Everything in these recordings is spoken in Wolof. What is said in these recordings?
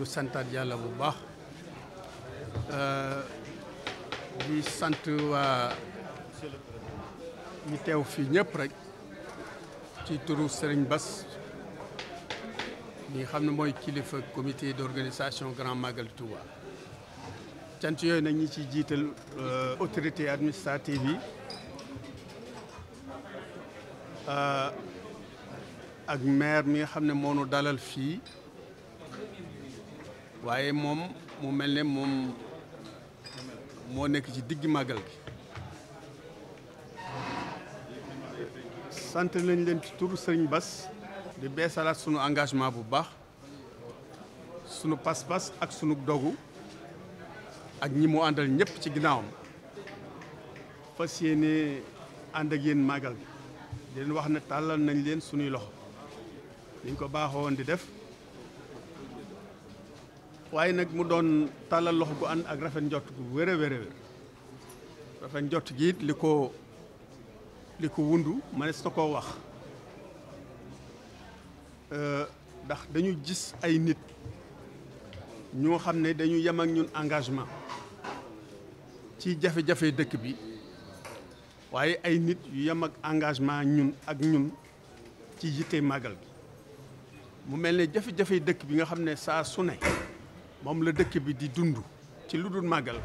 du santaat yàlla bu baax euh, di sant waa ñi teew fii ñëpp rek ci turu Serigne Bass ñi xam ne mooy kilifa comité d'organisation Grand Magal Touba cant yooyu nag ñi ci jiital euh, autorité administrative yi euh, ak maire mi nga xam ne moonu dalal fii waaye moom mu mel ne moom moo nekk ci digg màggal bi sant nañ leen ci turu sëriñ Bass di beesalaat sunu engagement bu baax sunu pas-pas ak sunu dogu ak ñi mu àndal ñëpp ci ginnaawam fas yéene ànd ak yéen màggal bi di leen wax ne tàllal nañ leen sunuy loxo niñ ko baaxoo woon di def waaye nag mu doon tàllal loxo gu ànd ak rafet njot gu wér wér rafet njott gi it li ko li ko wundu mënees na koo wax ndax dañu gis ay nit ñoo xam ne dañu yem ak ñun engagement ci jafe-jafe dëkk bi waaye ay nit yu yem ak engagement ñun ak ñun ci yitte màggal gi mu mel ne jafe-jafe dëkk bi nga xam ne saa su ne moom la dëkk bi di dund ci lu dul màggal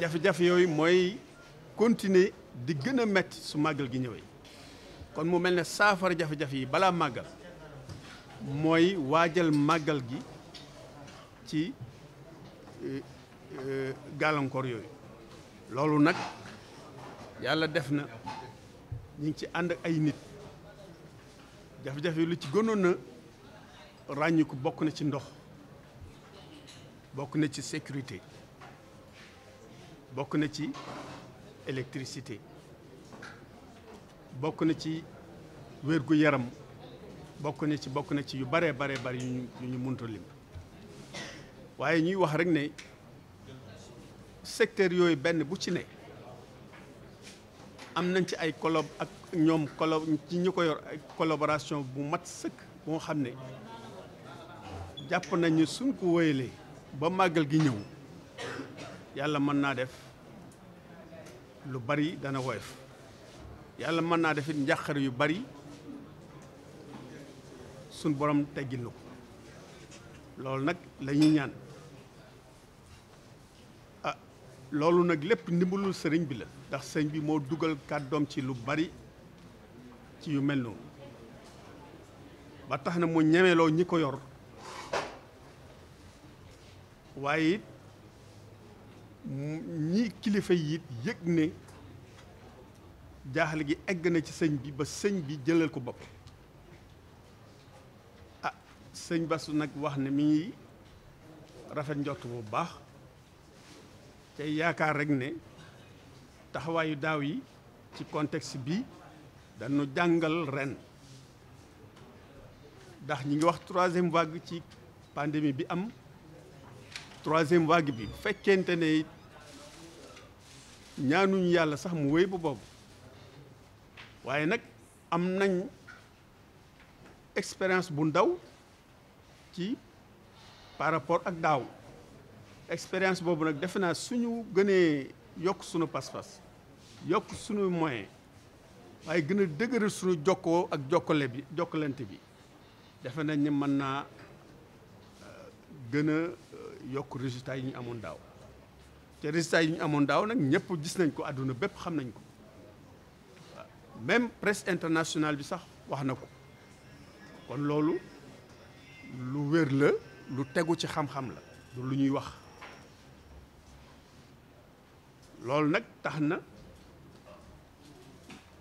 jafe-jafe yooyu mooy continuer di gën a métti su màggal gi ñëwee kon mu mel ne saafara jafe-jafe yi balaa màggal mooy waajal màggal gi ci euh, euh, gàllankoor yooyu loolu nag yàlla def na ñu ngi ci ànd ak ay nit jafe-jafe lu ci gënoon na ràññiku bokk na ci ndox bokk na ci sécurité bokk na ci électricité bokk na ci wérgu yaram bokk na ci bokk na ci yu baree baree bari yu ñu mënta lim waaye ñuy wax rek ne secteur yooyu benn bu ci ne am nañ ci ay collab ak ñoom collab ci ñi ko yor ay collaboration bu mat sëkk moo xam ne jàpp nañu suñ ko wéyalee ba màggal gi ñëw yàlla mën naa def lu bari dana woyof yàlla mën naa def njàqare yu bari suñ borom teggil na ko loolu nag la ñaan ah loolu nag lépp ndimmalul sëriñ bi la ndax sëriñ bi moo dugal kàddoom ci lu bari ci yu mel noonu ba tax na mu ñemeloo ñi ko yor waaye it ñi kilifa yi it yëg ne jaaxle gi egg na ci sëñ bi ba sëñ bi jëlal ko bopp ah sëñ Basu nag wax ne mi ngi rafet njort bu baax te yaakaar rek ne taxawaayu daaw yi ci contexte bi dañu jàngal ren ndax ñi ngi wax troisième vague ci pandémie bi am troisième vague bi bu fekkente ne it ñaanuñu yàlla sax mu wéy ba boobu waaye nag am nañ expérience bu ndaw ci par rapport ak daaw expérience boobu nag defe naa suñu gënee yokk sunu pas-pas yokk sunu moyen waaye gën a dëgëral suñu jokkoo ak jokkale bi jokkalante bi defe nañ ne mën naa euh, gën euh, yokk résultats yi ñu amoon daaw te résultats yi ñu amoon daaw nag ñëpp gis nañ ko àdduna bépp xam nañ ko même presse internationale bi sax wax na ko kon loolu lu wér la lu tegu ci xam-xam la lu ñuy wax loolu nag tax na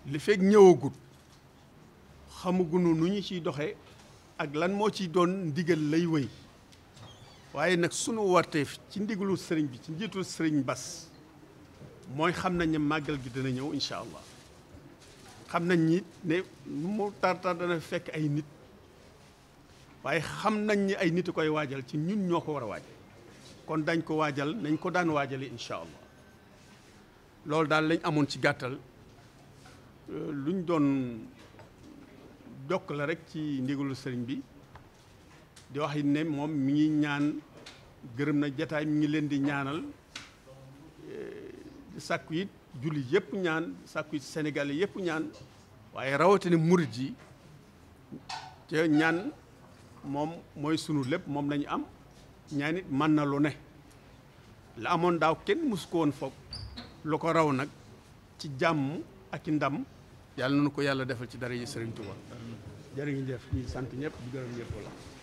li fekk ñëwagut xamugunu nu ñu ciy doxee ak lan moo ci doon ndigal lay wéy waaye nag sunu warteef ci ndigalu sëriñ bi ci njiitul sëriñ Bas mooy xam nañ ne màggal gi dina ñëw incha allah xam nañ ni ne mu fekk ay nit waaye xam nañ ni ay nit koy waajal ci ñun ñoo ko war a waajal kon dañ ko waajal nañ ko daan waajale incha allah loolu daal lañ amoon ci gàttal luñ doon jokk la rek ci ndigalu sëriñ bi. di wax it ne moom mi ngi ñaan gërëm na jataay mi ngi leen di ñaanal eh, sàkku it jullit yëpp ñaan sàkku it Sénégal yëpp ñaan waaye rawatina murit yi te ñaan moom mooy sunu lépp moom lañu am ñaan it mën na lu ne la amoon daaw kenn mësu ko woon foog lu ko raw nag ci jàmm ak i ndam yàlla na nu ko yàlla defal ci dara yi Sëriñ Tuubaa jërë ngeen jëf ñu sant ñëpp di gërëm ñëpp la